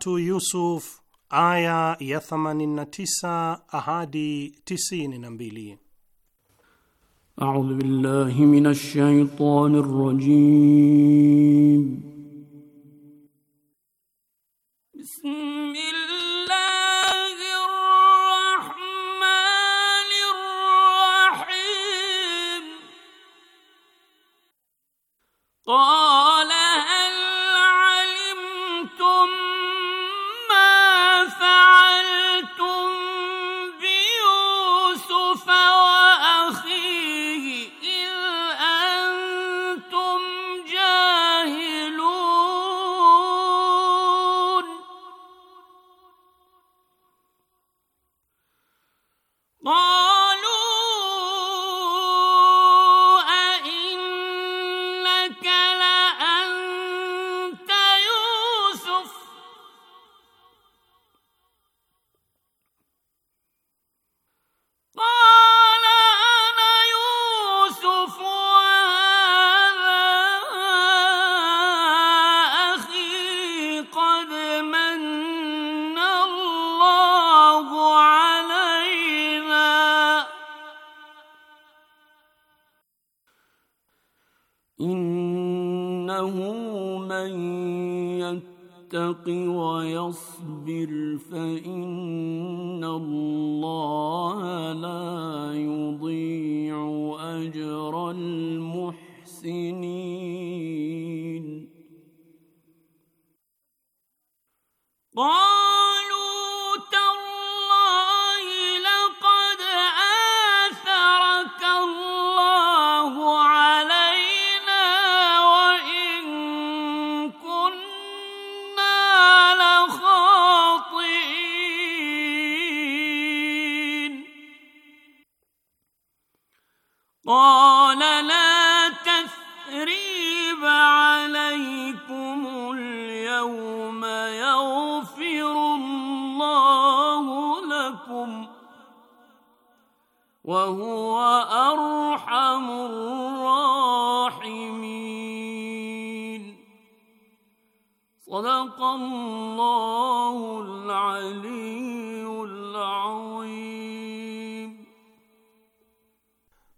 3 Yusuf aya ya 89 ahadi 92. A'udhu billahi minash shaitani rrajim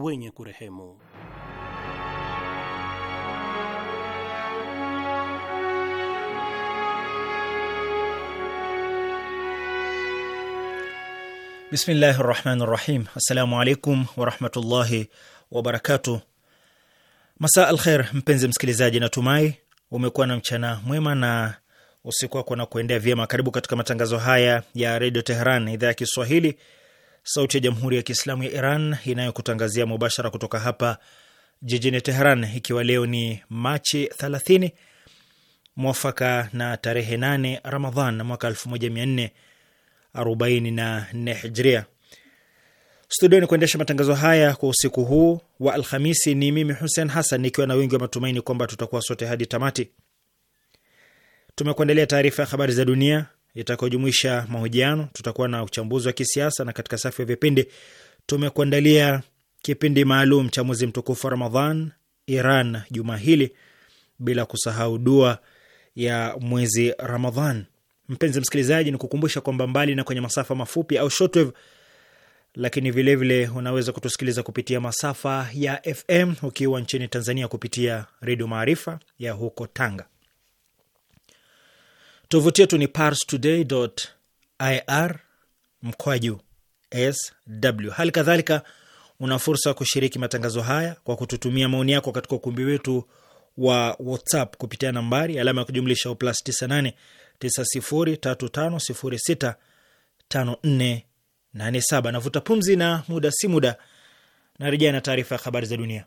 wenye kurehemu. Bismillahi rahmani rahim. Assalamu alaikum warahmatullahi wabarakatu. Masa al kher, mpenzi msikilizaji, natumai umekuwa na mchana mwema na usiku wako na kuendea vyema. Karibu katika matangazo haya ya redio Teheran, idhaa ya Kiswahili, sauti ya jamhuri ya kiislamu ya Iran inayokutangazia mubashara kutoka hapa jijini Teheran, ikiwa leo ni Machi 30 mwafaka na tarehe 8 Ramadhan mwaka 1444 Hijria. studio ni kuendesha matangazo haya kwa usiku huu wa Alhamisi ni mimi Hussein Hassan, nikiwa na wingi wa matumaini kwamba tutakuwa sote hadi tamati. Tumekuandalia taarifa ya habari za dunia itakayojumuisha mahojiano, tutakuwa na uchambuzi wa kisiasa, na katika safu ya vipindi tumekuandalia kipindi maalum cha mwezi mtukufu wa Ramadhan, Iran juma hili, bila kusahau dua ya mwezi Ramadhan. Mpenzi msikilizaji, ni kukumbusha kwamba mbali na kwenye masafa mafupi au shortwave, lakini vilevile vile unaweza kutusikiliza kupitia masafa ya FM ukiwa nchini Tanzania kupitia Redio Maarifa ya huko Tanga. Tovuti yetu ni parstoday.ir mkwaju sw. Hali kadhalika una fursa ya kushiriki matangazo haya kwa kututumia maoni yako katika ukumbi wetu wa WhatsApp kupitia nambari alama ya kujumlisha u plus 98 Navuta pumzi na muda si muda narejea na taarifa ya habari za dunia.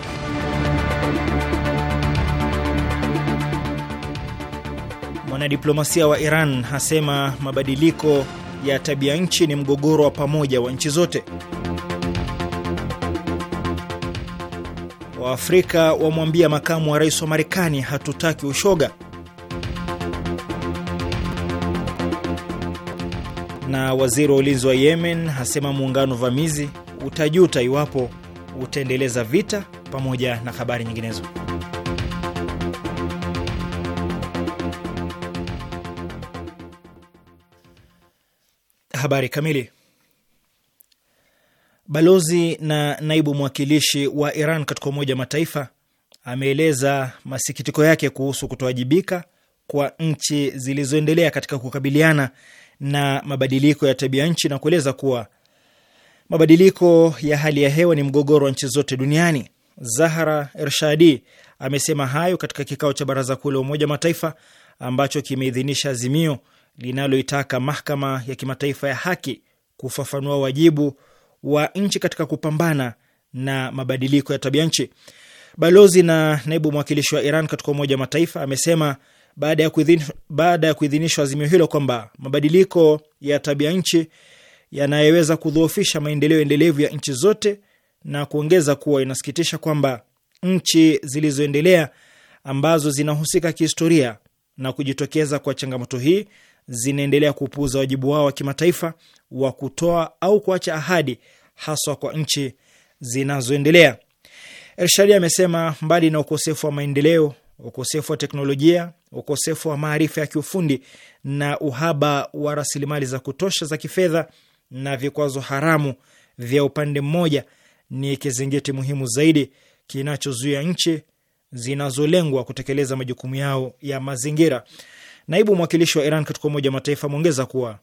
Mwanadiplomasia wa Iran hasema mabadiliko ya tabia nchi ni mgogoro wa pamoja wa nchi zote. Waafrika wamwambia makamu wa rais wa Marekani hatutaki ushoga. Na waziri wa ulinzi wa Yemen hasema muungano vamizi utajuta iwapo utaendeleza vita, pamoja na habari nyinginezo. habari kamili. Balozi na naibu mwakilishi wa Iran katika Umoja wa Mataifa ameeleza masikitiko yake kuhusu kutowajibika kwa nchi zilizoendelea katika kukabiliana na mabadiliko ya tabia nchi na kueleza kuwa mabadiliko ya hali ya hewa ni mgogoro wa nchi zote duniani. Zahara Ershadi amesema hayo katika kikao cha Baraza Kuu la Umoja wa Mataifa ambacho kimeidhinisha azimio linaloitaka mahakama ya kimataifa ya haki kufafanua wajibu wa nchi katika kupambana na mabadiliko ya tabia nchi. Balozi na naibu mwakilishi wa Iran katika Umoja wa Mataifa amesema baada ya kuidhinishwa azimio hilo kwamba mabadiliko ya tabia nchi yanayeweza kudhoofisha maendeleo endelevu ya nchi zote, na kuongeza kuwa inasikitisha kwamba nchi zilizoendelea ambazo zinahusika kihistoria na kujitokeza kwa changamoto hii zinaendelea kupuuza wajibu wao wa kimataifa wa kutoa au kuacha ahadi, haswa kwa nchi zinazoendelea. Elshadi amesema mbali na ukosefu wa maendeleo, ukosefu wa teknolojia, ukosefu wa maarifa ya kiufundi na uhaba wa rasilimali za kutosha za kifedha na vikwazo haramu vya upande mmoja ni kizingiti muhimu zaidi kinachozuia nchi zinazolengwa kutekeleza majukumu yao ya mazingira. Naibu mwakilishi wa Iran katika Umoja wa Mataifa ameongeza kuwa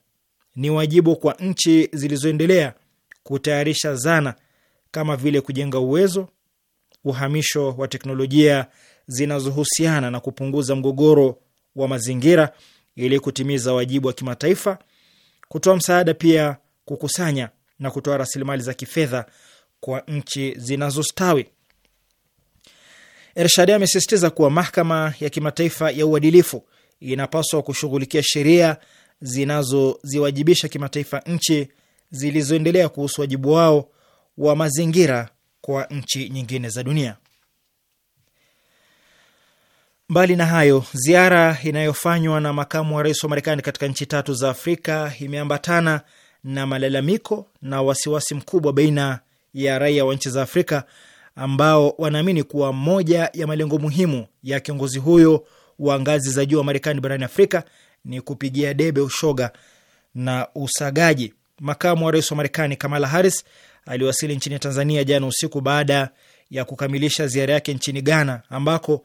ni wajibu kwa nchi zilizoendelea kutayarisha zana kama vile kujenga uwezo, uhamisho wa teknolojia zinazohusiana na kupunguza mgogoro wa mazingira ili kutimiza wajibu wa kimataifa, kutoa msaada, pia kukusanya na kutoa rasilimali za kifedha kwa nchi zinazostawi. Ershadi amesisitiza kuwa mahakama ya kimataifa ya uadilifu inapaswa kushughulikia sheria zinazoziwajibisha kimataifa nchi zilizoendelea kuhusu wajibu wao wa mazingira kwa nchi nyingine za dunia. Mbali na hayo, ziara inayofanywa na makamu wa rais wa Marekani katika nchi tatu za Afrika imeambatana na malalamiko na wasiwasi mkubwa baina ya raia wa nchi za Afrika ambao wanaamini kuwa moja ya malengo muhimu ya kiongozi huyo wa ngazi za juu wa Marekani barani Afrika ni kupigia debe ushoga na usagaji. Makamu wa rais wa Marekani Kamala Harris aliwasili nchini Tanzania jana usiku baada ya kukamilisha ziara yake nchini Ghana, ambako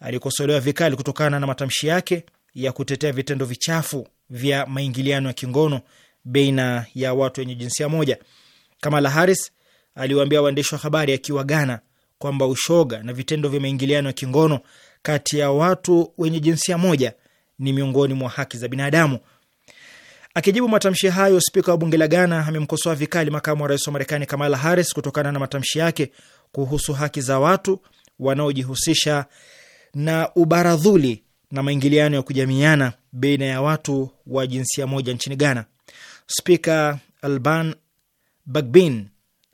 alikosolewa vikali kutokana na matamshi yake ya kutetea vitendo vichafu vya maingiliano ya kingono baina ya watu wenye jinsia moja. Kamala Harris aliwaambia waandishi wa habari akiwa Ghana kwamba ushoga na vitendo vya maingiliano ya kingono kati ya watu wenye jinsia moja ni miongoni mwa haki za binadamu. Akijibu matamshi hayo, spika wa bunge la Ghana amemkosoa vikali makamu wa rais wa Marekani Kamala Harris kutokana na matamshi yake kuhusu haki za watu wanaojihusisha na ubaradhuli na maingiliano ya kujamiana baina ya watu wa jinsia moja nchini Ghana. Spika Alban Bagbin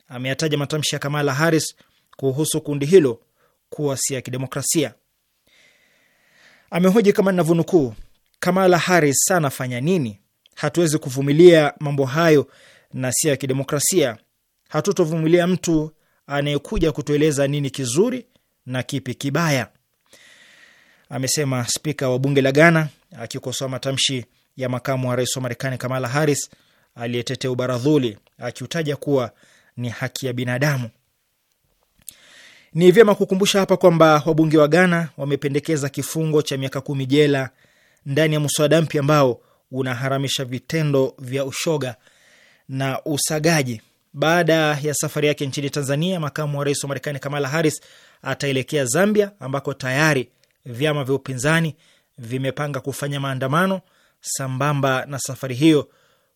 ameyataja matamshi ya Kamala Harris kuhusu kundi hilo kuwa si ya kidemokrasia. Amehoji kama ninavyonukuu, Kamala Harris anafanya nini? Hatuwezi kuvumilia mambo hayo na sio ya kidemokrasia. Hatutovumilia mtu anayekuja kutueleza nini kizuri na kipi kibaya, amesema spika wa bunge la Ghana akikosoa matamshi ya makamu wa rais wa Marekani Kamala Harris aliyetetea ubaradhuli akiutaja kuwa ni haki ya binadamu. Ni vyema kukumbusha hapa kwamba wabunge wa Ghana wamependekeza kifungo cha miaka kumi jela ndani ya mswada mpya ambao unaharamisha vitendo vya ushoga na usagaji. Baada ya safari yake nchini Tanzania, makamu wa rais wa Marekani Kamala Harris ataelekea Zambia, ambako tayari vyama vya upinzani vimepanga kufanya maandamano sambamba na safari hiyo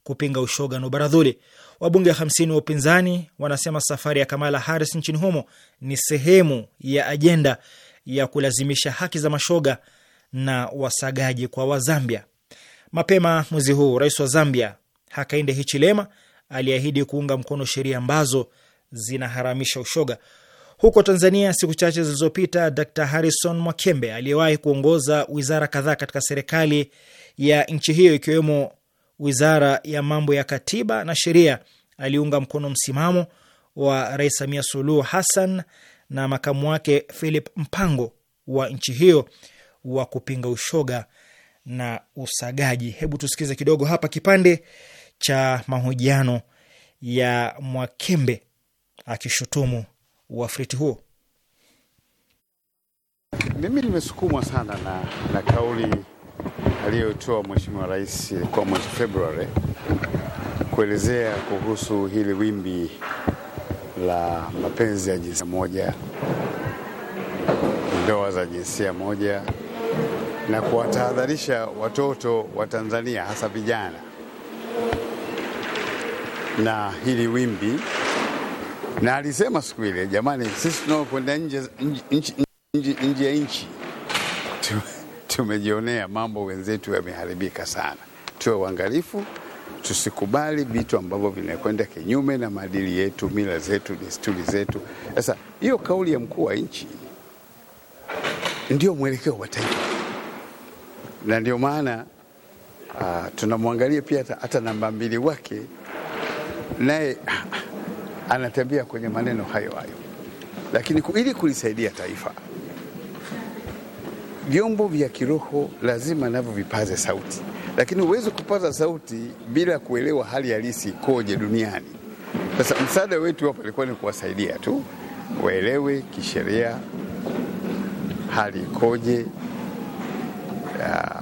kupinga ushoga na ubaradhuli. Wabunge 50 wa upinzani wanasema safari ya Kamala Harris nchini humo ni sehemu ya ajenda ya kulazimisha haki za mashoga na wasagaji kwa Wazambia. Mapema mwezi huu, rais wa Zambia Hakainde Hichilema aliahidi kuunga mkono sheria ambazo zinaharamisha ushoga. Huko Tanzania, siku chache zilizopita, Dr Harrison Mwakembe aliyewahi kuongoza wizara kadhaa katika serikali ya nchi hiyo ikiwemo wizara ya mambo ya katiba na sheria aliunga mkono msimamo wa Rais Samia Suluhu Hassan na makamu wake Philip Mpango wa nchi hiyo wa kupinga ushoga na usagaji. Hebu tusikize kidogo hapa kipande cha mahojiano ya Mwakembe akishutumu uafriti huo. Mimi nimesukumwa sana na, na kauli aliyotoa Mheshimiwa Rais kwa mwezi Februari kuelezea kuhusu hili wimbi la mapenzi ya jinsia moja, ndoa za jinsia moja na kuwatahadharisha watoto wa Tanzania hasa vijana na hili wimbi. Na alisema siku ile, jamani, sisi tunaokwenda nje ya nchi tumejionea mambo, wenzetu yameharibika sana. Tuwe uangalifu, tusikubali vitu ambavyo vinakwenda kinyume na maadili yetu, mila zetu, desturi zetu. Sasa hiyo kauli ya mkuu wa nchi ndio mwelekeo wa taifa, na ndio maana ah, tunamwangalia pia hata namba mbili wake naye anatembea kwenye maneno hayo hayo, lakini ili kulisaidia taifa vyombo vya kiroho lazima navyo vipaze sauti, lakini huwezi kupaza sauti bila kuelewa hali halisi ikoje duniani. Sasa msaada wetu hapa ilikuwa ni kuwasaidia tu waelewe kisheria hali ikoje, ah,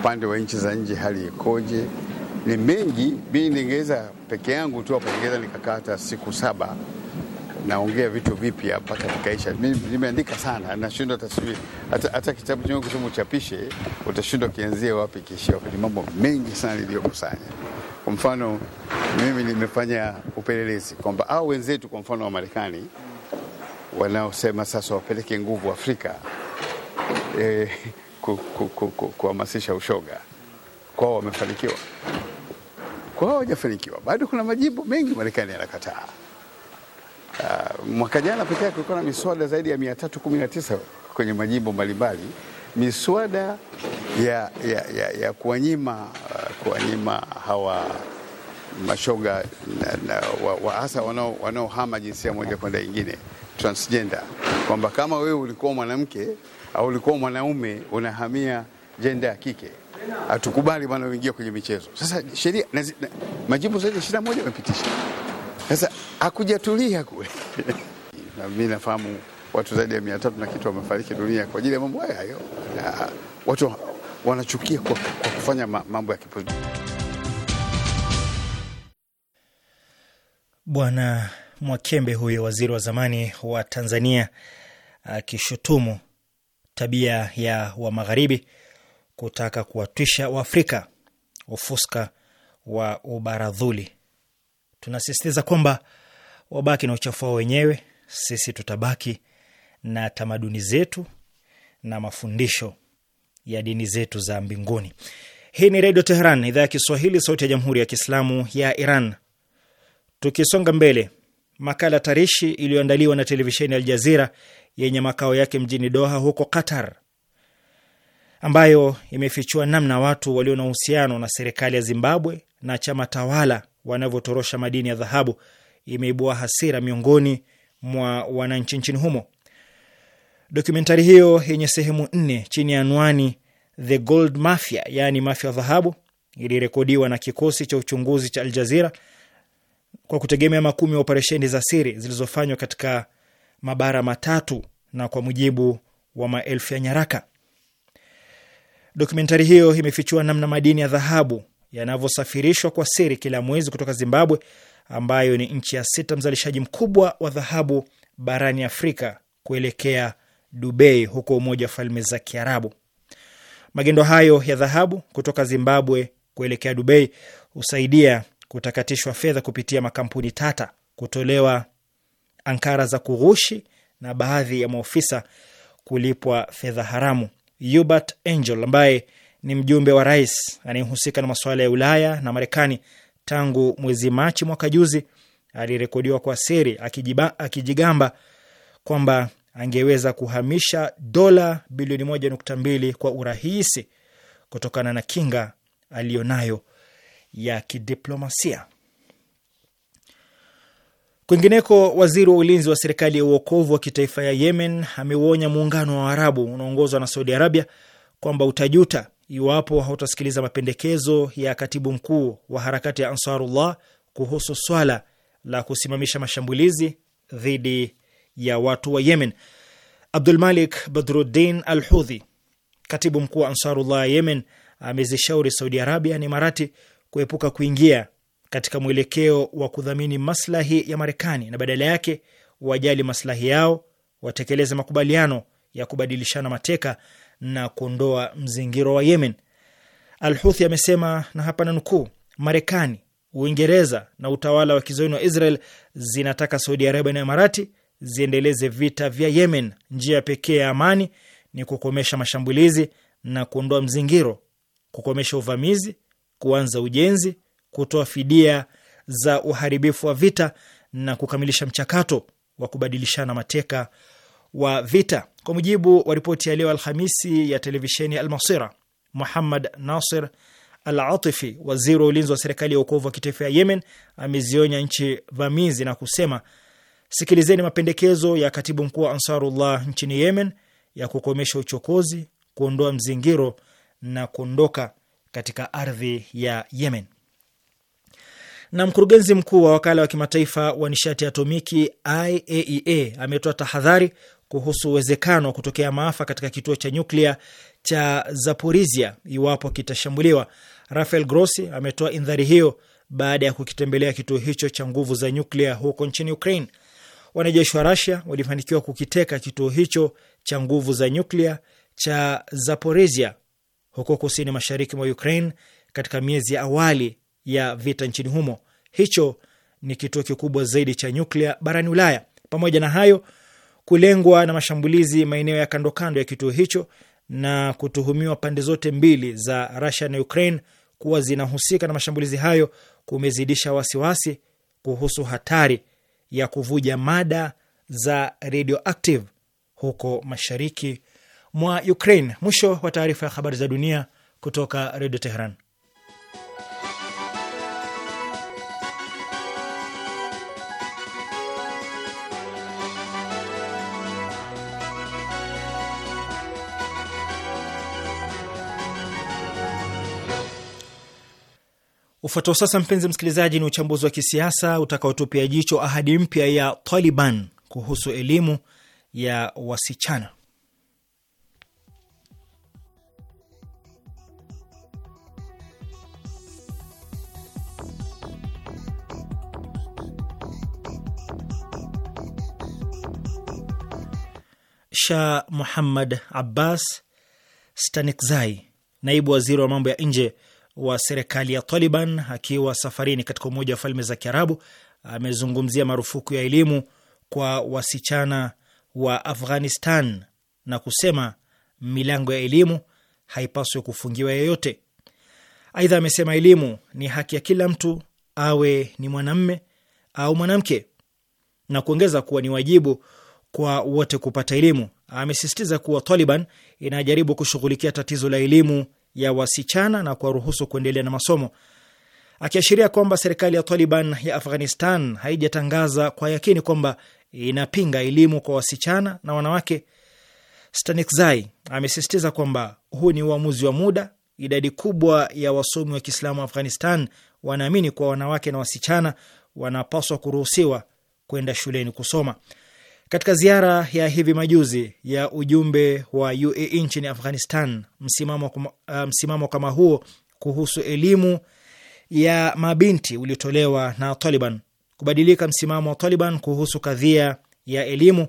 upande wa nchi za nje hali ikoje. Ni mengi, mi ningeweza peke yangu tu apongeza, nikakata nikakaa siku saba naongea vitu vipya mpaka vikaisha. Mimi nimeandika sana, nashindwa taswiri. Hata kitabu chenyewe kusema uchapishe, utashindwa kianzie wapi kiishia wapi. Ni mambo mengi sana niliyokusanya. Kwa mfano, mimi nimefanya upelelezi kwamba au wenzetu, kwa mfano wa Marekani wanaosema sasa wapeleke nguvu Afrika eh, kuhamasisha ku, ku, ku, ushoga kwao, wamefanikiwa, kwao hawajafanikiwa bado. Kuna majimbo mengi Marekani yanakataa Mwaka jana peke yake kulikuwa na miswada zaidi ya 319 kwenye majimbo mbalimbali, miswada ya, ya, ya, ya kuwanyima uh, kuwanyima hawa mashoga hasa wa, wa wanaohama jinsia moja kwenda ingine transgender, kwamba kama wewe ulikuwa mwanamke au ulikuwa mwanaume unahamia jenda ya kike hatukubali bwana uingia kwenye michezo. Sasa sheria majimbo zaidi ya 21 yamepitisha sasa hakujatulia kule na mi nafahamu watu zaidi ya mia tatu na kitu wamefariki dunia kwa ajili ya mambo haya hayo, na watu wanachukia kwa, kwa kufanya mambo ya kipuzi. Bwana Mwakembe huyo waziri wa zamani wa Tanzania akishutumu tabia ya wa magharibi kutaka kuwatwisha Waafrika ufuska wa ubaradhuli. Tunasisitiza kwamba wabaki na uchafu wao wenyewe, sisi tutabaki na tamaduni zetu na mafundisho ya dini zetu za mbinguni. Hii ni Redio Teheran, idhaa ya Kiswahili, sauti ya Jamhuri ya Kiislamu ya Iran. Tukisonga mbele, makala tarishi iliyoandaliwa na televisheni Al Jazira yenye makao yake mjini Doha huko Qatar, ambayo imefichua namna watu walio na uhusiano na serikali ya Zimbabwe na chama tawala wanavyotorosha madini ya dhahabu imeibua hasira miongoni mwa wananchi nchini humo. Dokumentari hiyo yenye sehemu nne chini ya anwani The Gold Mafia, yaani mafia ya dhahabu, ilirekodiwa na kikosi cha uchunguzi cha Al Jazeera kwa kutegemea makumi ya operesheni za siri zilizofanywa katika mabara matatu na kwa mujibu wa maelfu ya nyaraka. Dokumentari hiyo imefichua namna madini ya dhahabu yanavyosafirishwa kwa siri kila mwezi kutoka Zimbabwe, ambayo ni nchi ya sita mzalishaji mkubwa wa dhahabu barani Afrika, kuelekea Dubai huko Umoja wa Falme za Kiarabu. Magendo hayo ya dhahabu kutoka Zimbabwe kuelekea Dubai husaidia kutakatishwa fedha kupitia makampuni tata, kutolewa ankara za kughushi na baadhi ya maofisa kulipwa fedha haramu. Hubert Angel ambaye ni mjumbe wa rais anayehusika na masuala ya Ulaya na Marekani tangu mwezi Machi mwaka juzi, alirekodiwa kwa siri akijiba, akijigamba kwamba angeweza kuhamisha dola bilioni moja nukta mbili kwa urahisi kutokana na kinga aliyonayo ya kidiplomasia. Kwingineko, waziri wa ulinzi wa serikali ya uokovu wa kitaifa ya Yemen ameuonya muungano wa Arabu unaongozwa na Saudi Arabia kwamba utajuta iwapo hautasikiliza mapendekezo ya katibu mkuu wa harakati ya Ansarullah kuhusu swala la kusimamisha mashambulizi dhidi ya watu wa Yemen. Abdulmalik Badruddin Al Hudhi, katibu mkuu wa Ansarullah Yemen, amezishauri Saudi Arabia na Imarati kuepuka kuingia katika mwelekeo wa kudhamini maslahi ya Marekani na badala yake wajali maslahi yao, watekeleze makubaliano ya kubadilishana mateka na kuondoa mzingiro wa Yemen. Alhuthi amesema na hapa na nukuu, Marekani, Uingereza na utawala wa kizoeni wa Israel zinataka Saudi Arabia na Imarati ziendeleze vita vya Yemen. Njia pekee ya amani ni kukomesha mashambulizi na kuondoa mzingiro, kukomesha uvamizi, kuanza ujenzi, kutoa fidia za uharibifu wa vita na kukamilisha mchakato wa kubadilishana mateka wa vita. Kwa mujibu wa ripoti ya leo Alhamisi ya televisheni ya Almasira, Muhammad Nasir Al Atifi, waziri wa ulinzi wa serikali ya ukovu wa kitaifa ya Yemen, amezionya nchi vamizi na kusema, sikilizeni mapendekezo ya katibu mkuu wa Ansarullah nchini Yemen ya kukomesha uchokozi, kuondoa mzingiro na kuondoka katika ardhi ya Yemen. Na mkurugenzi mkuu wa wakala wa kimataifa wa nishati atomiki IAEA e ametoa tahadhari kuhusu uwezekano wa kutokea maafa katika kituo cha nyuklia cha Zaporizia iwapo kitashambuliwa. Rafael Grossi ametoa indhari hiyo baada ya kukitembelea kituo hicho cha nguvu za nyuklia huko nchini Ukraine. Wanajeshi wa Rasia walifanikiwa kukiteka kituo hicho cha nguvu za nyuklia cha Zaporizia huko kusini mashariki mwa Ukraine katika miezi ya awali ya vita nchini humo. Hicho ni kituo kikubwa zaidi cha nyuklia barani Ulaya. Pamoja na hayo kulengwa na mashambulizi maeneo ya kando kando ya kituo hicho na kutuhumiwa pande zote mbili za Russia na Ukraine kuwa zinahusika na mashambulizi hayo kumezidisha wasiwasi kuhusu hatari ya kuvuja mada za radioactive huko mashariki mwa Ukraine. Mwisho wa taarifa ya habari za dunia kutoka Redio Teheran. Ufuatao sasa, mpenzi msikilizaji, ni uchambuzi wa kisiasa utakaotupia jicho ahadi mpya ya Taliban kuhusu elimu ya wasichana. Shah Muhammad Abbas Stanikzai, naibu waziri wa mambo ya nje wa serikali ya Taliban akiwa safarini katika Umoja wa Falme za Kiarabu amezungumzia marufuku ya elimu kwa wasichana wa Afghanistan na kusema milango ya elimu haipaswi kufungiwa yeyote. Aidha amesema elimu ni haki ya kila mtu, awe ni mwanamme au mwanamke, na kuongeza kuwa ni wajibu kwa wote kupata elimu. Amesisitiza kuwa Taliban inajaribu kushughulikia tatizo la elimu ya wasichana na kuwaruhusu kuendelea na masomo, akiashiria kwamba serikali ya Taliban ya Afghanistan haijatangaza kwa yakini kwamba inapinga elimu kwa wasichana na wanawake. Stanikzai amesisitiza kwamba huu ni uamuzi wa muda. Idadi kubwa ya wasomi wa Kiislamu Afghanistan wanaamini kuwa wanawake na wasichana wanapaswa kuruhusiwa kwenda shuleni kusoma. Katika ziara ya hivi majuzi ya ujumbe wa UAE nchini Afghanistan, msimamo kama, uh, msimamo kama huo kuhusu elimu ya mabinti uliotolewa na Taliban. Kubadilika msimamo wa Taliban kuhusu kadhia ya elimu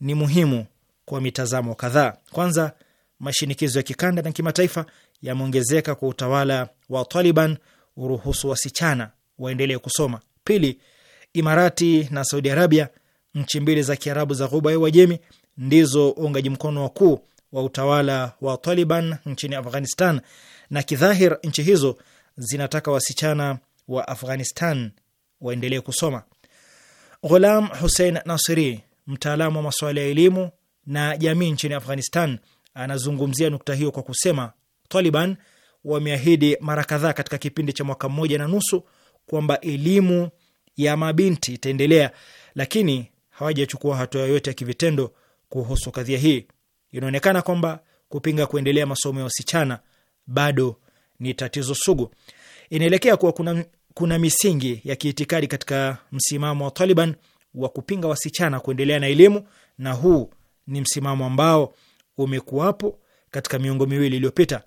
ni muhimu kwa mitazamo kadhaa. Kwanza, mashinikizo ya kikanda na kimataifa yameongezeka kwa utawala wa Taliban uruhusu wasichana waendelee kusoma. Pili, Imarati na Saudi Arabia nchi mbili za Kiarabu za Ghuba ya Uajemi ndizo uungaji mkono wakuu wa utawala wa Taliban nchini Afghanistan, na kidhahir nchi hizo zinataka wasichana wa Afghanistan waendelee kusoma. Ghulam Hussein Nasiri, mtaalamu wa masuala ya elimu na jamii nchini Afghanistan, anazungumzia nukta hiyo kwa kusema Taliban wameahidi mara kadhaa katika kipindi cha mwaka mmoja na nusu kwamba elimu ya mabinti itaendelea, lakini hawajachukua hatua yoyote ya kivitendo kuhusu kadhia hii. Inaonekana kwamba kupinga kuendelea masomo ya wasichana bado ni tatizo sugu. Inaelekea kuwa kuna, kuna misingi ya kiitikadi katika msimamo wa Taliban wa kupinga wasichana kuendelea na elimu, na huu ni msimamo ambao umekuwapo katika miongo miwili iliyopita.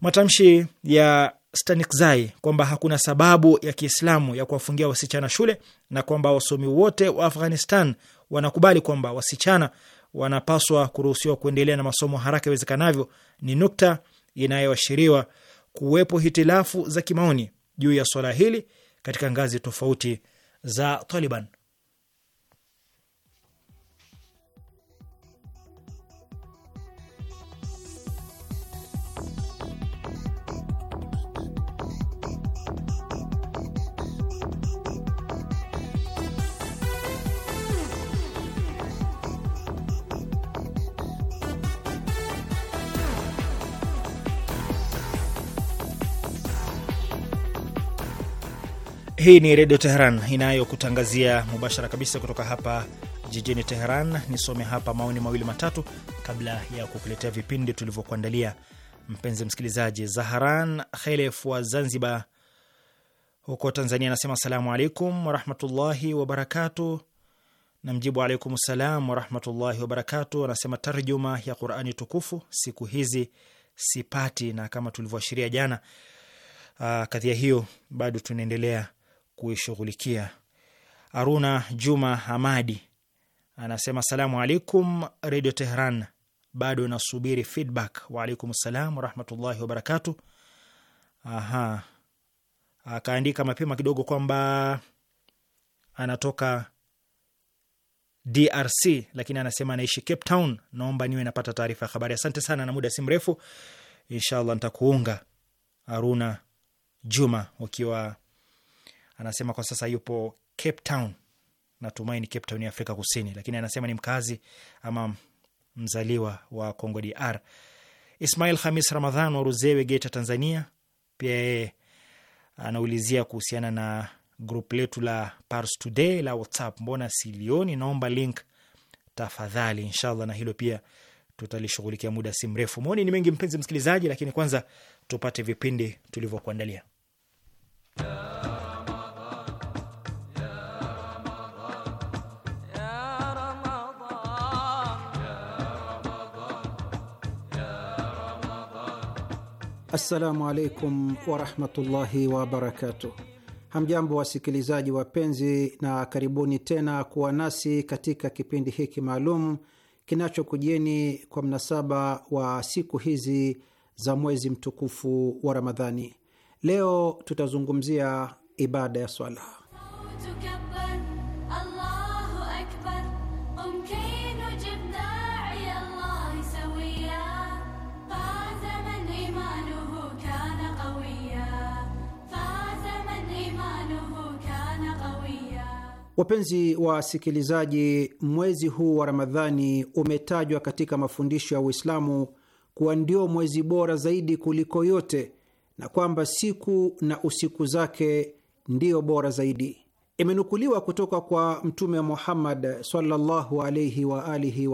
Matamshi ya Stanikzai kwamba hakuna sababu ya Kiislamu ya kuwafungia wasichana shule na kwamba wasomi wote wa Afghanistan wanakubali kwamba wasichana wanapaswa kuruhusiwa kuendelea na masomo haraka iwezekanavyo, ni nukta inayoashiriwa kuwepo hitilafu za kimaoni juu ya swala hili katika ngazi tofauti za Taliban. Hii ni Redio Teheran inayokutangazia mubashara kabisa kutoka hapa jijini Teheran. Nisome hapa maoni mawili matatu kabla ya kukuletea vipindi tulivyokuandalia mpenzi msikilizaji. Zaharan Khelef wa Zanzibar huko Tanzania anasema asalamu alaikum warahmatullahi wabarakatu. Namjibu alaikum salam warahmatullahi wabarakatu. Anasema tarjuma ya Qurani tukufu siku hizi sipati, na kama tulivyoashiria jana, ah, kadhia hiyo bado tunaendelea kuishughulikia. Aruna Juma Hamadi anasema salamu alaikum, Redio Tehran, bado nasubiri feedback. Waalaikum salam warahmatullahi wabarakatu. Aha, akaandika mapema kidogo kwamba anatoka DRC lakini anasema anaishi Cape Town. Naomba niwe napata taarifa ya habari. Asante sana, na muda si mrefu inshallah nitakuunga Aruna Juma, ukiwa Anasema kwa sasa yupo Cape Town, natumaini Cape Town ya Afrika Kusini, lakini anasema ni mkazi ama mzaliwa wa Congo DR. Ismail Hamis Ramadhan wa Ruzewe, Geita, Tanzania, pia yeye anaulizia kuhusiana na grup letu la Pars Today la WhatsApp, mbona silioni? Naomba link tafadhali. Inshallah na hilo pia tutalishughulikia muda si mrefu. Maoni ni mengi, mpenzi msikilizaji, lakini kwanza tupate vipindi tulivyokuandalia. yeah. Uh, Assalamu alaikum warahmatullahi wabarakatuh. Hamjambo wasikilizaji wapenzi, na karibuni tena kuwa nasi katika kipindi hiki maalum kinachokujieni kwa mnasaba wa siku hizi za mwezi mtukufu wa Ramadhani. Leo tutazungumzia ibada ya swala. Wapenzi wasikilizaji, mwezi huu wa Ramadhani umetajwa katika mafundisho ya Uislamu kuwa ndio mwezi bora zaidi kuliko yote na kwamba siku na usiku zake ndiyo bora zaidi. Imenukuliwa kutoka kwa Mtume Muhammad sallallahu alaihi wa alihi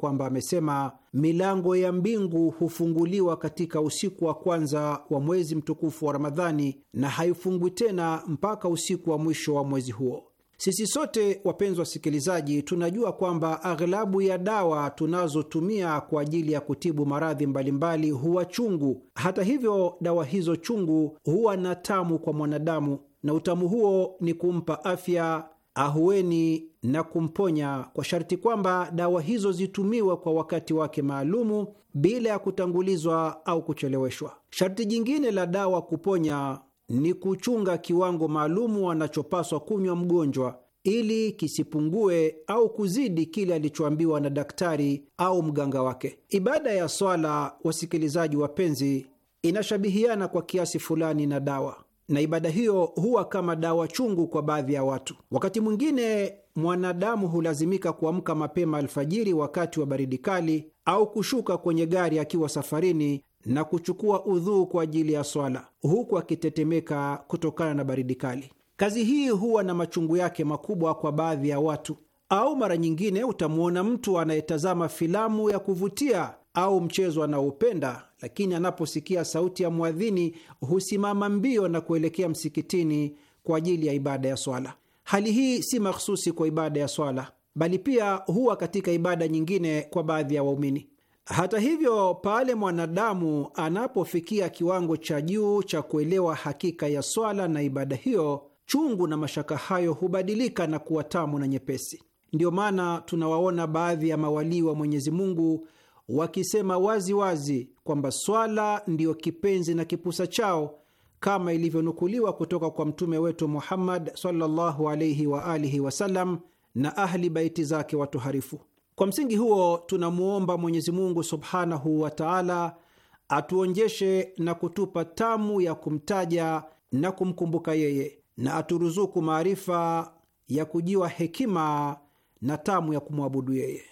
kwamba amesema, milango ya mbingu hufunguliwa katika usiku wa kwanza wa mwezi mtukufu wa Ramadhani na haifungwi tena mpaka usiku wa mwisho wa mwezi huo. Sisi sote wapenzi wasikilizaji, tunajua kwamba aghlabu ya dawa tunazotumia kwa ajili ya kutibu maradhi mbalimbali huwa chungu. Hata hivyo, dawa hizo chungu huwa na tamu kwa mwanadamu, na utamu huo ni kumpa afya, ahueni na kumponya, kwa sharti kwamba dawa hizo zitumiwe kwa wakati wake maalumu bila ya kutangulizwa au kucheleweshwa. Sharti jingine la dawa kuponya ni kuchunga kiwango maalumu anachopaswa kunywa mgonjwa ili kisipungue au kuzidi kile alichoambiwa na daktari au mganga wake. Ibada ya swala, wasikilizaji wapenzi, inashabihiana kwa kiasi fulani na dawa, na ibada hiyo huwa kama dawa chungu kwa baadhi ya watu. Wakati mwingine mwanadamu hulazimika kuamka mapema alfajiri wakati wa baridi kali au kushuka kwenye gari akiwa safarini na kuchukua udhuu kwa ajili ya swala huku akitetemeka kutokana na baridi kali. Kazi hii huwa na machungu yake makubwa kwa baadhi ya watu, au mara nyingine utamwona mtu anayetazama filamu ya kuvutia au mchezo anaoupenda, lakini anaposikia sauti ya mwadhini husimama mbio na kuelekea msikitini kwa ajili ya ibada ya swala. Hali hii si mahsusi kwa ibada ya swala, bali pia huwa katika ibada nyingine kwa baadhi ya waumini. Hata hivyo, pale mwanadamu anapofikia kiwango cha juu cha kuelewa hakika ya swala na ibada hiyo, chungu na mashaka hayo hubadilika na kuwa tamu na nyepesi. Ndiyo maana tunawaona baadhi ya mawalii wa Mwenyezi Mungu wakisema wazi wazi kwamba swala ndiyo kipenzi na kipusa chao kama ilivyonukuliwa kutoka kwa mtume wetu Muhammad sallallahu alaihi wa alihi wasallam na ahli baiti zake watuharifu. Kwa msingi huo tunamwomba Mwenyezi Mungu subhanahu wa taala atuonjeshe na kutupa tamu ya kumtaja na kumkumbuka yeye, na aturuzuku maarifa ya kujiwa hekima na tamu ya kumwabudu yeye.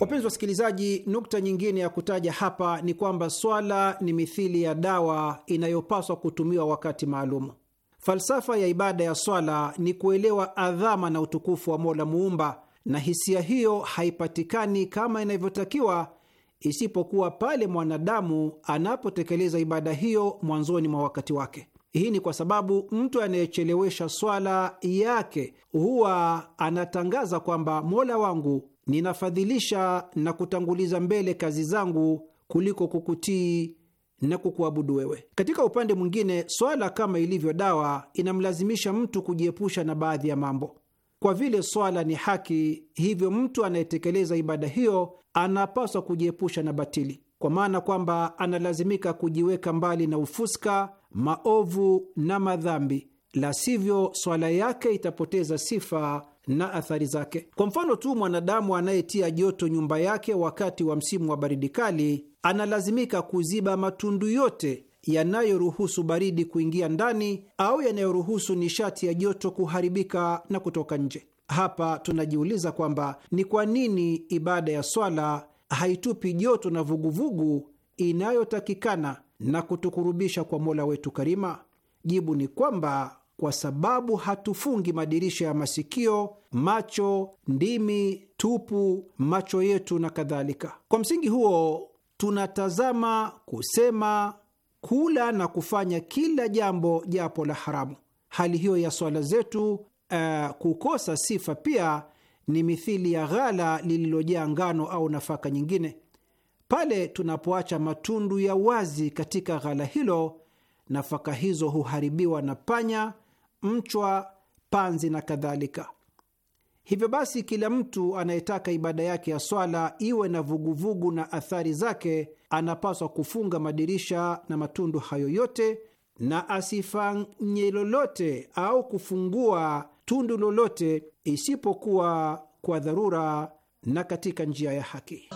Wapenzi wasikilizaji, nukta nyingine ya kutaja hapa ni kwamba swala ni mithili ya dawa inayopaswa kutumiwa wakati maalum. Falsafa ya ibada ya swala ni kuelewa adhama na utukufu wa Mola Muumba, na hisia hiyo haipatikani kama inavyotakiwa isipokuwa pale mwanadamu anapotekeleza ibada hiyo mwanzoni mwa wakati wake. Hii ni kwa sababu mtu anayechelewesha swala yake huwa anatangaza kwamba Mola wangu ninafadhilisha na kutanguliza mbele kazi zangu kuliko kukutii na kukuabudu wewe. Katika upande mwingine, swala kama ilivyo dawa inamlazimisha mtu kujiepusha na baadhi ya mambo. Kwa vile swala ni haki, hivyo mtu anayetekeleza ibada hiyo anapaswa kujiepusha na batili, kwa maana kwamba analazimika kujiweka mbali na ufuska, maovu na madhambi, la sivyo swala yake itapoteza sifa na athari zake. Kwa mfano tu, mwanadamu anayetia joto nyumba yake wakati wa msimu wa baridi kali analazimika kuziba matundu yote yanayoruhusu baridi kuingia ndani au yanayoruhusu nishati ya joto kuharibika na kutoka nje. Hapa tunajiuliza kwamba ni kwa nini ibada ya swala haitupi joto na vuguvugu inayotakikana na kutukurubisha kwa Mola wetu Karima. Jibu ni kwamba kwa sababu hatufungi madirisha ya masikio, macho, ndimi, tupu, macho yetu na kadhalika. Kwa msingi huo, tunatazama, kusema, kula na kufanya kila jambo japo la haramu. Hali hiyo ya swala zetu uh, kukosa sifa pia ni mithili ya ghala lililojaa ngano au nafaka nyingine. Pale tunapoacha matundu ya wazi katika ghala hilo, nafaka hizo huharibiwa na panya mchwa, panzi na kadhalika. Hivyo basi, kila mtu anayetaka ibada yake ya swala iwe na vuguvugu vugu na athari zake, anapaswa kufunga madirisha na matundu hayo yote na asifanye lolote au kufungua tundu lolote isipokuwa kwa dharura na katika njia ya haki.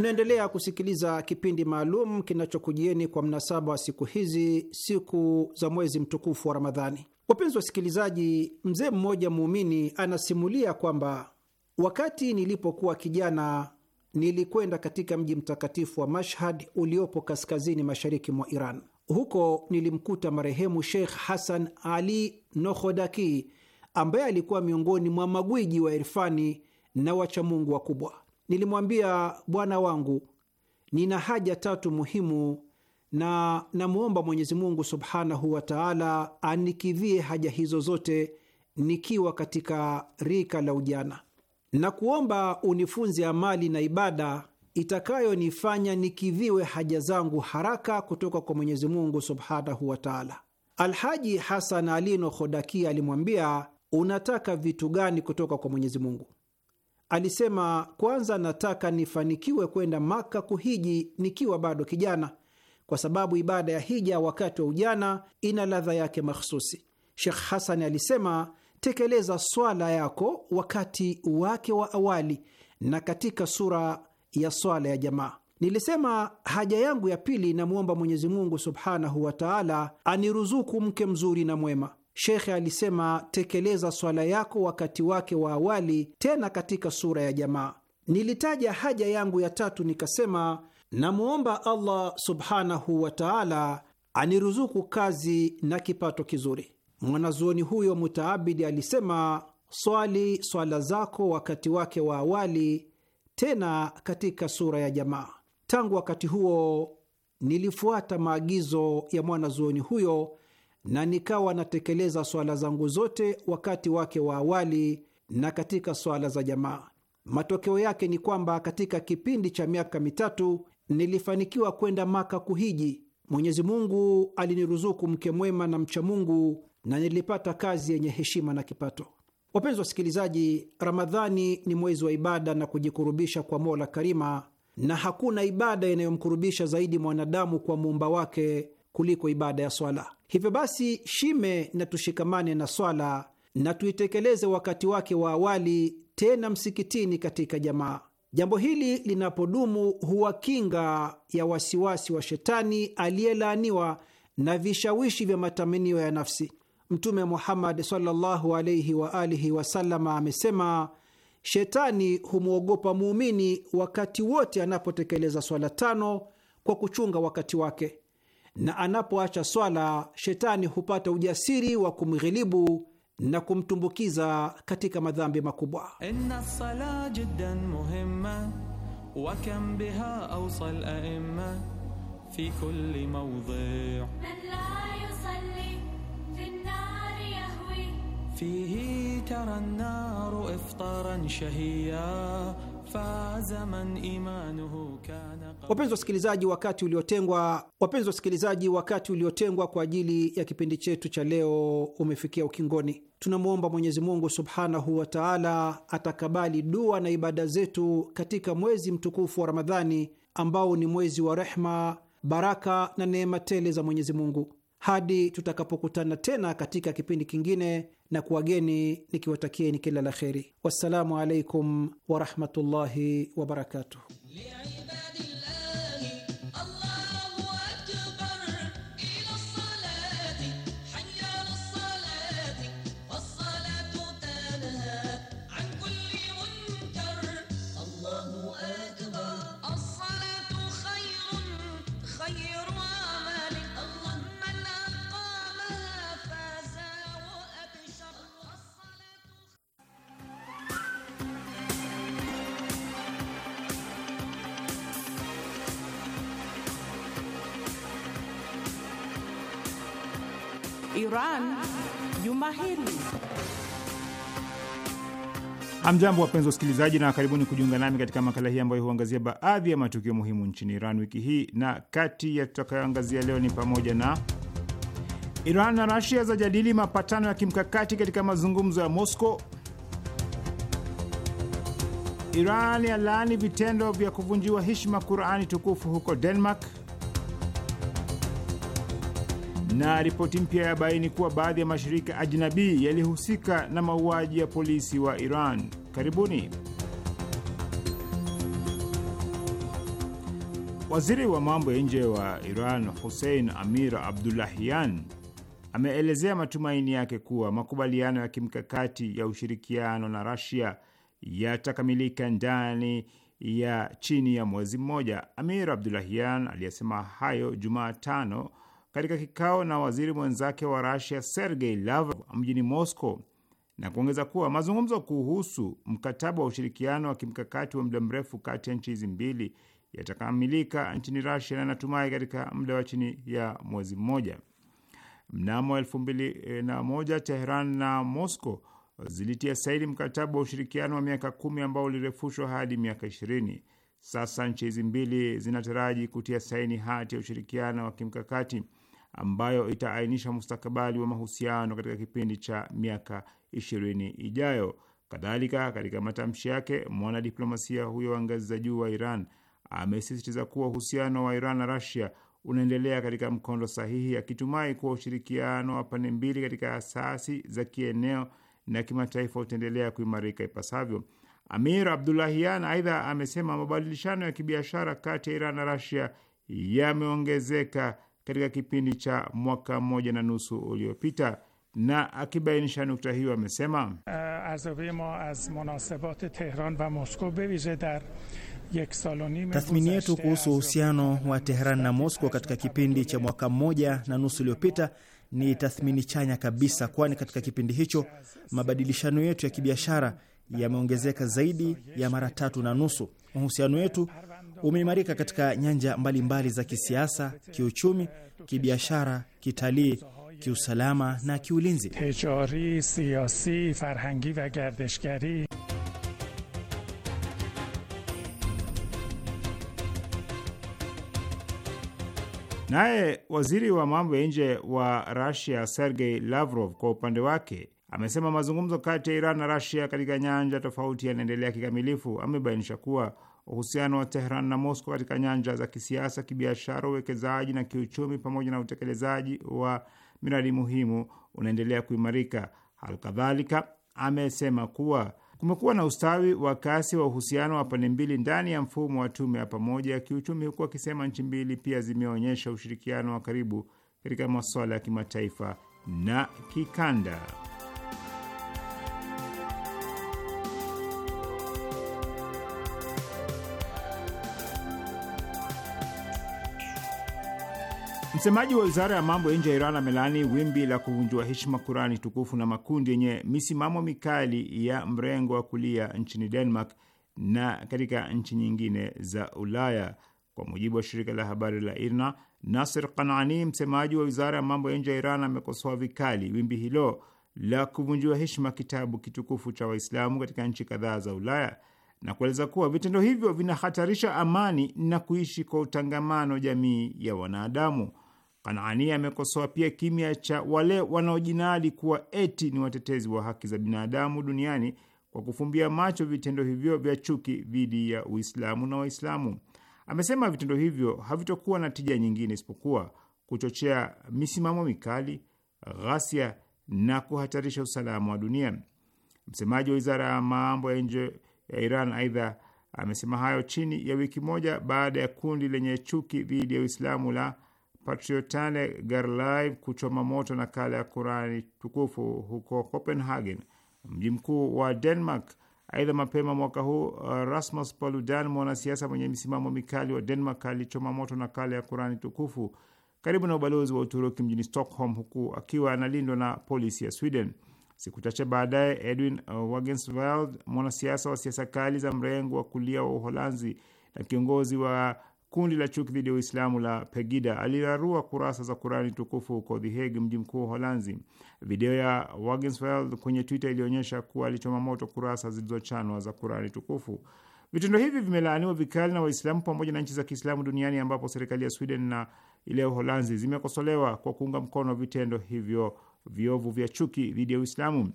Mnaendelea kusikiliza kipindi maalum kinachokujieni kwa mnasaba wa siku hizi, siku za mwezi mtukufu wa Ramadhani. Wapenzi wasikilizaji, mzee mmoja muumini anasimulia kwamba wakati nilipokuwa kijana nilikwenda katika mji mtakatifu wa Mashhad uliopo kaskazini mashariki mwa Iran. Huko nilimkuta marehemu Sheikh Hasan Ali Nohodaki ambaye alikuwa miongoni mwa magwiji wa irfani na wachamungu wakubwa. Nilimwambia, bwana wangu, nina haja tatu muhimu na namwomba Mwenyezi Mungu subhanahu wa taala anikidhie haja hizo zote nikiwa katika rika la ujana, na kuomba unifunze amali na ibada itakayonifanya nikidhiwe haja zangu haraka kutoka kwa Mwenyezi Mungu subhanahu wa taala. Alhaji Hasan alino Khodakia alimwambia, unataka vitu gani kutoka kwa Mwenyezi Mungu? Alisema, kwanza nataka nifanikiwe kwenda Maka kuhiji nikiwa bado kijana, kwa sababu ibada ya hija wakati wa ujana ina ladha yake makhususi shekh Hasani alisema, tekeleza swala yako wakati wake wa awali na katika sura ya swala ya jamaa. Nilisema haja yangu ya pili, namwomba Mwenyezi Mungu subhanahu wa taala aniruzuku mke mzuri na mwema Shekhe alisema, tekeleza swala yako wakati wake wa awali, tena katika sura ya jamaa. Nilitaja haja yangu ya tatu, nikasema namwomba Allah subhanahu wa taala aniruzuku kazi na kipato kizuri. Mwanazuoni huyo mutaabidi alisema, swali swala zako wakati wake wa awali, tena katika sura ya jamaa. Tangu wakati huo nilifuata maagizo ya mwanazuoni huyo na nikawa natekeleza swala zangu zote wakati wake wa awali na katika swala za jamaa. Matokeo yake ni kwamba katika kipindi cha miaka mitatu nilifanikiwa kwenda Maka kuhiji. Mwenyezi Mungu aliniruzuku mke mwema na mcha Mungu na nilipata kazi yenye heshima na kipato. Wapenzi wasikilizaji, Ramadhani ni mwezi wa ibada na kujikurubisha kwa Mola Karima, na hakuna ibada inayomkurubisha zaidi mwanadamu kwa muumba wake kuliko ibada ya swala. Hivyo basi, shime na tushikamane na swala na tuitekeleze wakati wake wa awali, tena msikitini katika jamaa. Jambo hili linapodumu huwa kinga ya wasiwasi wa shetani aliyelaaniwa na vishawishi vya matamanio ya nafsi. Mtume Muhammad sallallahu wa alihi wasallama amesema, shetani humwogopa muumini wakati wote anapotekeleza swala tano kwa kuchunga wakati wake na anapoacha swala shetani hupata ujasiri wa kumghilibu na kumtumbukiza katika madhambi makubwa. Wapenzi wasikilizaji, wakati uliotengwa wapenzi wasikilizaji, wakati uliotengwa kwa ajili ya kipindi chetu cha leo umefikia ukingoni. Tunamwomba Mwenyezi Mungu subhanahu wa taala atakabali dua na ibada zetu katika mwezi mtukufu wa Ramadhani ambao ni mwezi wa rehma, baraka na neema tele za Mwenyezi Mungu. Hadi tutakapokutana tena katika kipindi kingine na kuwageni nikiwatakieni kila la kheri. Wassalamu alaikum warahmatullahi wabarakatuh. Hamjambo, wapenzi wa usikilizaji, na karibuni kujiunga nami katika makala hii ambayo huangazia baadhi ya matukio muhimu nchini Iran wiki hii, na kati ya tutakayoangazia leo ni pamoja na Iran na Rasia zajadili mapatano ya kimkakati katika mazungumzo ya Moscow, Iran yalaani vitendo vya kuvunjiwa heshima Qurani tukufu huko Denmark, na ripoti mpya ya baini kuwa baadhi ya mashirika ajnabii yalihusika na mauaji ya polisi wa Iran. Karibuni. Waziri wa mambo ya nje wa Iran Hussein Amir Abdullahian ameelezea matumaini yake kuwa makubaliano ya kimkakati ya ushirikiano na Rasia yatakamilika ndani ya chini ya mwezi mmoja. Amir Abdullahian aliyesema hayo Jumatano katika kikao na waziri mwenzake wa rusia Sergei Lavrov mjini Moscow na kuongeza kuwa mazungumzo kuhusu mkataba wa ushirikiano wa kimkakati wa muda mrefu kati ya nchi hizi mbili yatakamilika nchini Rasia na natumai katika muda wa chini ya mwezi mmoja. Mnamo elfu mbili eh, na moja Tehran na Moscow zilitia saini mkataba wa ushirikiano wa miaka kumi ambao ulirefushwa hadi miaka ishirini. Sasa nchi hizi mbili zinataraji kutia saini hati ya ushirikiano wa kimkakati ambayo itaainisha mustakabali wa mahusiano katika kipindi cha miaka ishirini ijayo. Kadhalika, katika matamshi yake, mwanadiplomasia huyo wa ngazi za juu wa Iran amesisitiza kuwa uhusiano wa Iran na Rasia unaendelea katika mkondo sahihi, akitumai kuwa ushirikiano wa pande mbili katika asasi za kieneo na kimataifa utaendelea kuimarika ipasavyo. Amir Abdulahian aidha amesema mabadilishano ya kibiashara kati ya Iran na Rasia yameongezeka katika kipindi cha mwaka mmoja na nusu uliopita. Na akibainisha nukta hiyo amesema eh, tathmini yetu kuhusu uhusiano wa Teheran na Moscow katika kipindi cha mwaka mmoja na nusu uliopita ni tathmini chanya kabisa, kwani katika kipindi hicho mabadilishano yetu ya kibiashara yameongezeka zaidi ya mara tatu na nusu. Uhusiano wetu umeimarika katika nyanja mbalimbali mbali za kisiasa, kiuchumi, kibiashara, kitalii, kiusalama na kiulinzi. Naye waziri wa mambo ya nje wa Rasia Sergei Lavrov kwa upande wake amesema mazungumzo kati ya Iran na Rasia katika nyanja tofauti yanaendelea kikamilifu. Amebainisha kuwa Uhusiano wa tehran na Moscow katika nyanja za kisiasa, kibiashara, uwekezaji na kiuchumi pamoja na utekelezaji wa miradi muhimu unaendelea kuimarika. Halikadhalika, amesema kuwa kumekuwa na ustawi wa kasi wa uhusiano wa pande mbili ndani ya mfumo wa tume ya pamoja ya kiuchumi, huku akisema nchi mbili pia zimeonyesha ushirikiano wa karibu katika masuala ya kimataifa na kikanda. Msemaji wa wizara ya mambo ya nje ya Iran amelaani wimbi la kuvunjiwa heshima Kurani tukufu na makundi yenye misimamo mikali ya mrengo wa kulia nchini Denmark na katika nchi nyingine za Ulaya. Kwa mujibu wa shirika la habari la IRNA, Nasir Kanani, msemaji wa wizara ya mambo ya nje ya Iran, amekosoa vikali wimbi hilo la kuvunjiwa heshima kitabu kitukufu cha Waislamu katika nchi kadhaa za Ulaya na kueleza kuwa vitendo hivyo vinahatarisha amani na kuishi kwa utangamano jamii ya wanadamu. Anania amekosoa pia kimya cha wale wanaojinadi kuwa eti ni watetezi wa haki za binadamu duniani kwa kufumbia macho vitendo hivyo vya chuki dhidi ya Uislamu na Waislamu. Amesema vitendo hivyo havitokuwa na tija nyingine isipokuwa kuchochea misimamo mikali, ghasia na kuhatarisha usalama wa dunia. Msemaji wa wizara ya mambo ya nje ya Iran aidha amesema hayo chini ya wiki moja baada ya kundi lenye chuki dhidi ya Uislamu la Patriotane Garlive kuchoma moto nakala ya kurani tukufu huko Copenhagen, mji mkuu wa Denmark. Aidha, mapema mwaka huu uh, Rasmus Paludan, mwanasiasa mwenye misimamo mikali wa Denmark, alichoma moto nakala ya kurani tukufu karibu na ubalozi wa Uturuki mjini Stockholm, huku akiwa analindwa na polisi ya Sweden. Siku chache baadaye Edwin uh, Wagensveld, mwanasiasa wa siasa kali za mrengo wa kulia wa Uholanzi na kiongozi wa kundi la chuki dhidi ya Uislamu la Pegida alirarua kurasa za Kurani tukufu huko The Hague, mji mkuu wa Uholanzi. Video ya Wagensveld kwenye Twitter ilionyesha kuwa alichoma moto kurasa zilizochanwa za Kurani tukufu. Vitendo hivi vimelaaniwa vikali na Waislamu pamoja na nchi za Kiislamu duniani ambapo serikali ya Sweden na ile ya Uholanzi zimekosolewa kwa kuunga mkono vitendo hivyo viovu vya chuki dhidi ya Uislamu.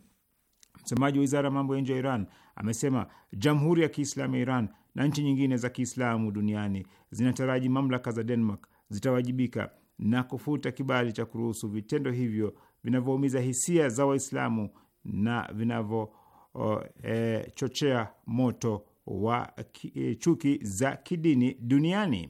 Msemaji wa wizara ya mambo ya nje ya Iran amesema jamhuri ya Kiislamu ya Iran na nchi nyingine za Kiislamu duniani zinataraji mamlaka za Denmark zitawajibika na kufuta kibali cha kuruhusu vitendo hivyo vinavyoumiza hisia za Waislamu na vinavyochochea e, moto wa e, chuki za kidini duniani.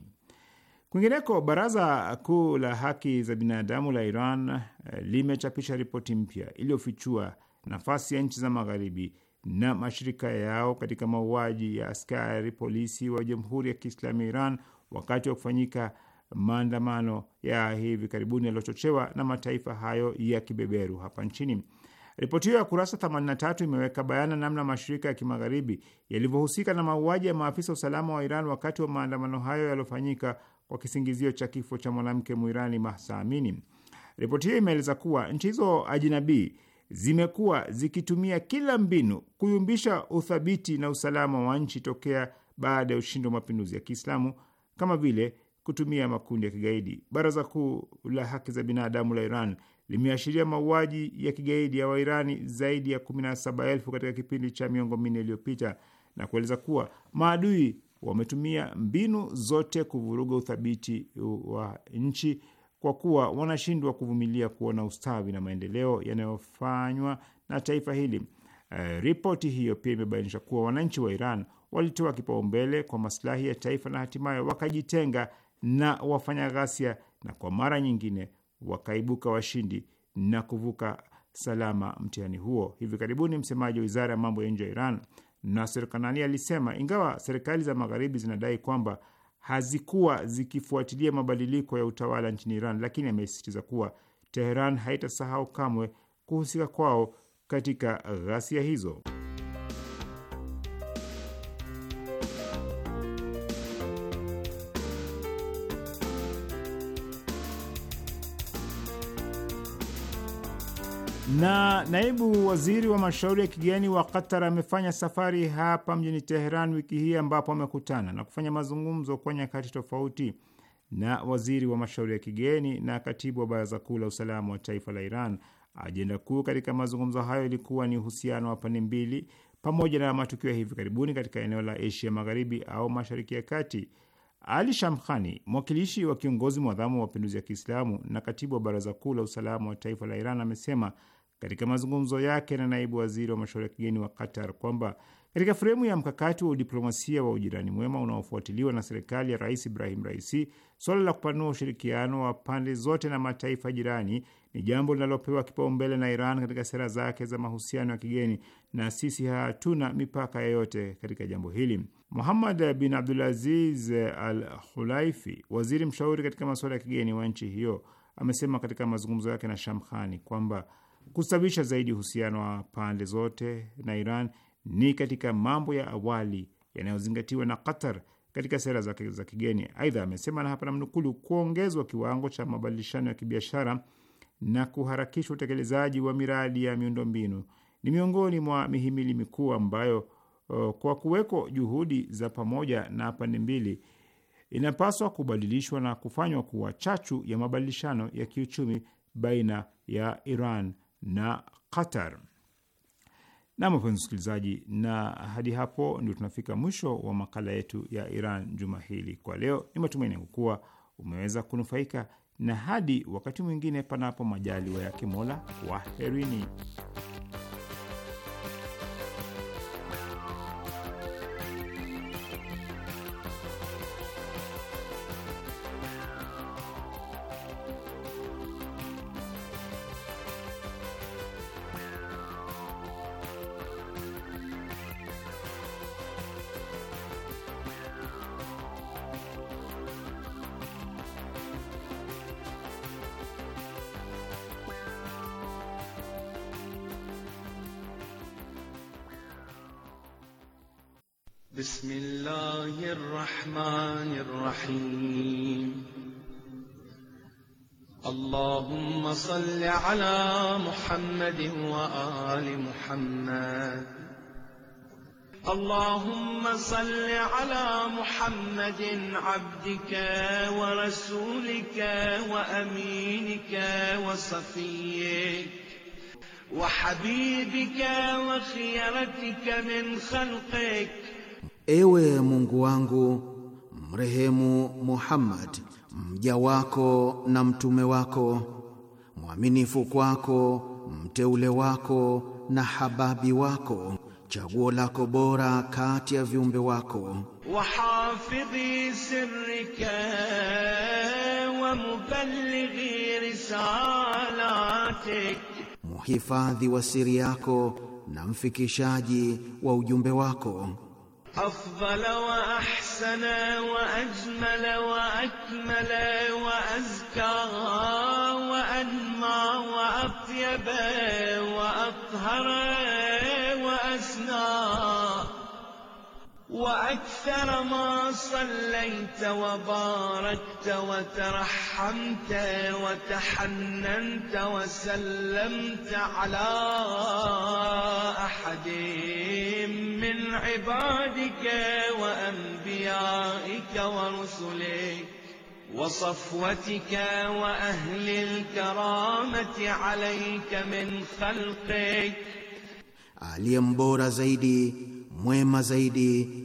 Kwingineko, Baraza Kuu la Haki za Binadamu la Iran e, limechapisha ripoti mpya iliyofichua nafasi ya nchi za Magharibi na mashirika yao katika mauaji ya askari polisi wa Jamhuri ya Kiislamu ya Iran wakati wa kufanyika maandamano ya hivi karibuni yaliyochochewa na mataifa hayo ya kibeberu hapa nchini. Ripoti hiyo ya kurasa 83 imeweka bayana namna mashirika ya kimagharibi yalivyohusika na mauaji ya maafisa usalama wa Iran wakati wa maandamano hayo yaliyofanyika kwa kisingizio cha kifo cha mwanamke Mwirani Mahsa Amini. Ripoti hiyo imeeleza kuwa nchi hizo ajinabii zimekuwa zikitumia kila mbinu kuyumbisha uthabiti na usalama wa nchi tokea baada ya ushindi wa mapinduzi ya Kiislamu, kama vile kutumia makundi ya kigaidi. Baraza Kuu la Haki za Binadamu la Iran limeashiria mauaji ya kigaidi ya Wairani zaidi ya 17,000 katika kipindi cha miongo minne iliyopita na kueleza kuwa maadui wametumia mbinu zote kuvuruga uthabiti wa nchi kwa kuwa wanashindwa kuvumilia kuona ustawi na maendeleo yanayofanywa na taifa hili. Uh, ripoti hiyo pia imebainisha kuwa wananchi wa Iran walitoa kipaumbele kwa maslahi ya taifa na hatimaye wakajitenga na wafanya ghasia na kwa mara nyingine wakaibuka washindi na kuvuka salama mtihani huo. Hivi karibuni msemaji wa wizara ya mambo ya nje ya Iran Nasir Kanani alisema ingawa serikali za magharibi zinadai kwamba hazikuwa zikifuatilia mabadiliko ya utawala nchini Iran, lakini amesisitiza kuwa Teheran haitasahau kamwe kuhusika kwao katika ghasia hizo. Na naibu waziri wa mashauri ya kigeni wa Qatar amefanya safari hapa mjini Teheran wiki hii ambapo amekutana na kufanya mazungumzo kwa nyakati tofauti na waziri wa mashauri ya kigeni na katibu wa baraza kuu la usalama wa taifa la Iran. Ajenda kuu katika mazungumzo hayo ilikuwa ni uhusiano wa pande mbili pamoja na matukio ya hivi karibuni katika eneo la Asia Magharibi au Mashariki ya Kati. Ali Shamkhani, mwakilishi wa kiongozi mwadhamu wa mapinduzi ya Kiislamu na katibu wa baraza kuu la usalama wa taifa la Iran, amesema katika mazungumzo yake na naibu waziri wa mashauri ya kigeni wa Qatar kwamba katika fremu ya mkakati wa udiplomasia wa ujirani mwema unaofuatiliwa na serikali ya Rais Ibrahim Raisi, suala la kupanua ushirikiano wa pande zote na mataifa jirani ni jambo linalopewa kipaumbele na Iran katika sera zake za mahusiano ya kigeni, na sisi hatuna mipaka yoyote katika jambo hili. Muhammad bin Abdulaziz Al Hulaifi, waziri mshauri katika masuala ya kigeni wa nchi hiyo, amesema katika mazungumzo yake na Shamkhani kwamba kustawisha zaidi uhusiano wa pande zote na Iran ni katika mambo ya awali yanayozingatiwa na Qatar katika sera zake za kigeni. Aidha amesema na hapa namnukulu, kuongezwa kiwango cha mabadilishano ya kibiashara na kuharakisha utekelezaji wa miradi ya miundombinu ni miongoni mwa mihimili mikuu ambayo uh, kwa kuweko juhudi za pamoja na pande mbili inapaswa kubadilishwa na kufanywa kuwa chachu ya mabadilishano ya kiuchumi baina ya Iran na Qatar. Nam, wapenzi msikilizaji, na hadi hapo ndio tunafika mwisho wa makala yetu ya Iran juma hili kwa leo. Ni matumaini yangu kuwa umeweza kunufaika, na hadi wakati mwingine, panapo majaliwa yake Mola, herini. محمد عبدك ورسولك وأمينك وصفيك وحبيبك وخيرتك من خلقك Ewe Mungu wangu, mrehemu Muhammad, mja wako na mtume wako, mwaminifu kwako, mteule wako na hababi wako, chaguo lako bora kati ya viumbe wako Waha حافظي سرك ومبلغي رسالاتك mhifadhi wa siri yako na mfikishaji أفضل وأحسن وأجمل وأكمل وأزكى وأنمى وأطيب وأطهر وأسنى وأكثر ما صليت وباركت وترحمت وتحننت وسلمت على أحد من عبادك وأنبيائك ورسلك وصفوتك وأهل الكرامة عليك من خلقك علي mbora زيدي mwema زيدي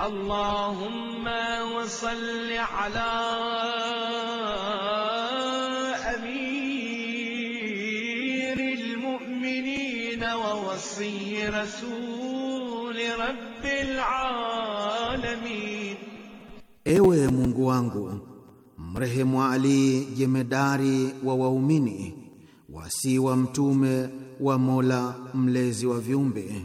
اللهم وصل على أمير المؤمنين ووصي رسول رب العالمين Ewe Mungu wangu mrehemu Ali jemedari wa waumini wasi wa mtume wa Mola mlezi wa viumbe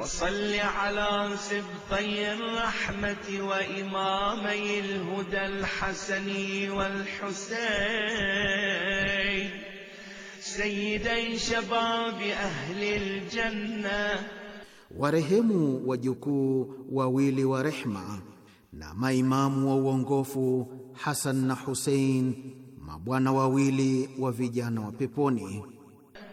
وصل على سبطي الرحمة وإمامي الهدى الحسن والحسين سيدي شباب أهل الجنة warehemu wajukuu wawili wa rehma na maimamu wa uongofu Hasan na Husein, mabwana wawili wa vijana wa peponi.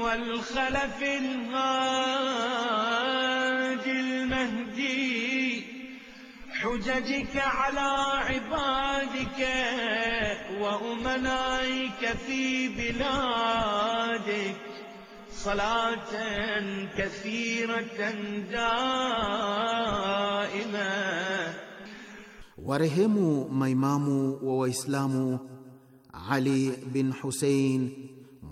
والخلف الهادي المهدي حججك على عبادك وأمنائك في بلادك صلاة كثيرة دائمة ورحموا ميمام وإسلام علي بن حسين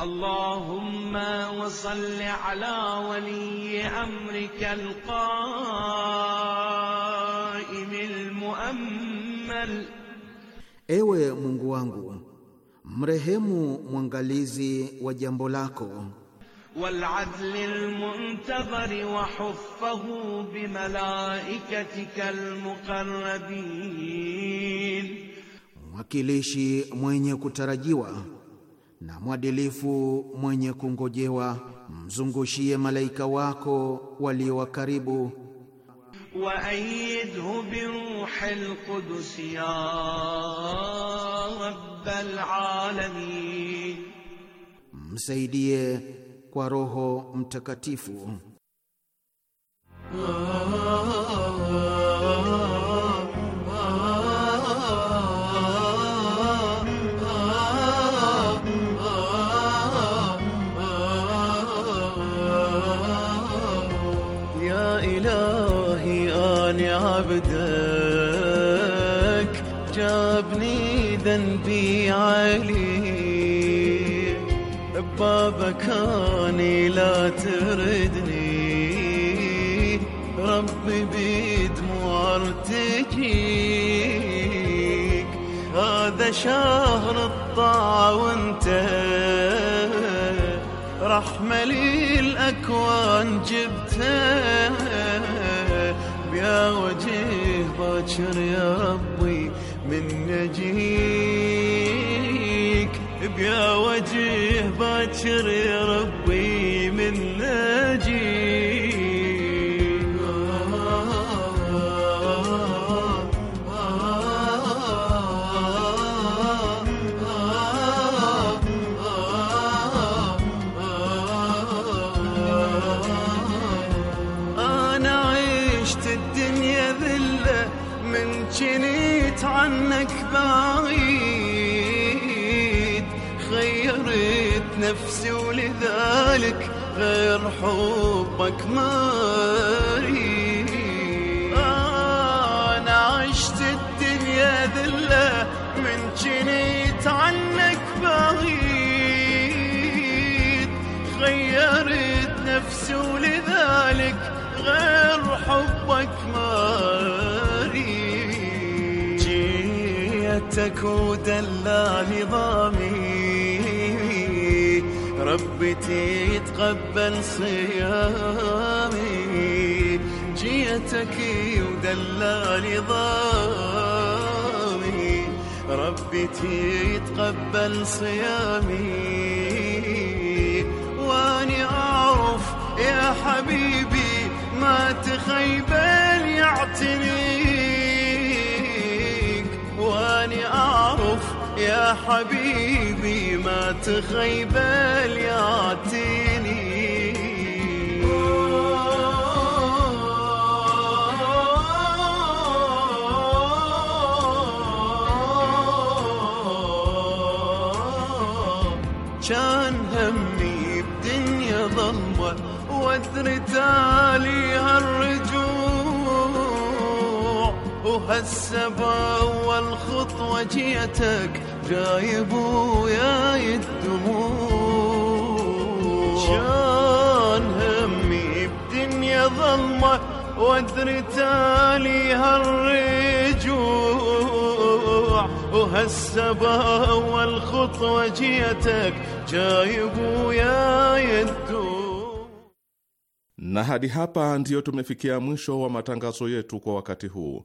اللهم وصل على ولي أمرك القائم المؤمل Ewe Mungu wangu mrehemu mwangalizi wa jambo lako والعدل المنتظر وحفه بملائكتك المقربين mwakilishi mwenye kutarajiwa na mwadilifu mwenye kungojewa, mzungushie malaika wako walio wakaribu. bi ruhil qudus ya rabbal alamin, msaidie kwa Roho Mtakatifu. علي ببابك اني لا تردني ربي بدموع ارتجيك هذا شهر الطاعة وانت رحمة للأكوان جبته بيا وجه باكر يا ربي من نجيب يا وجه باكر يا ربي من نجي أنا عشت الدنيا ذلة من جنيت عنك بار ذلك غير حبك ما اريد انا عشت الدنيا ذله من جنيت عنك بعيد غيرت نفسي ولذلك غير حبك ما اريد جيتك ودلاني ضامن ربتي تقبل صيامي جيتك ودلى نظامي ربتي تقبل صيامي واني اعرف يا حبيبي ما تخيبل يعتني يا حبيبي ما تخيب ليعتني كان همي بدنيا ظلمة واثر عليها الرجوع وهسه بأول خطوة جيتك جايب وياي الدموع شان همي بدنيا ظلمة وادري تالي هالرجوع وهسه بأول خطوة جيتك جايب وياي الدموع na hadi hapa ndiyo tumefikia mwisho wa matangazo yetu kwa wakati huu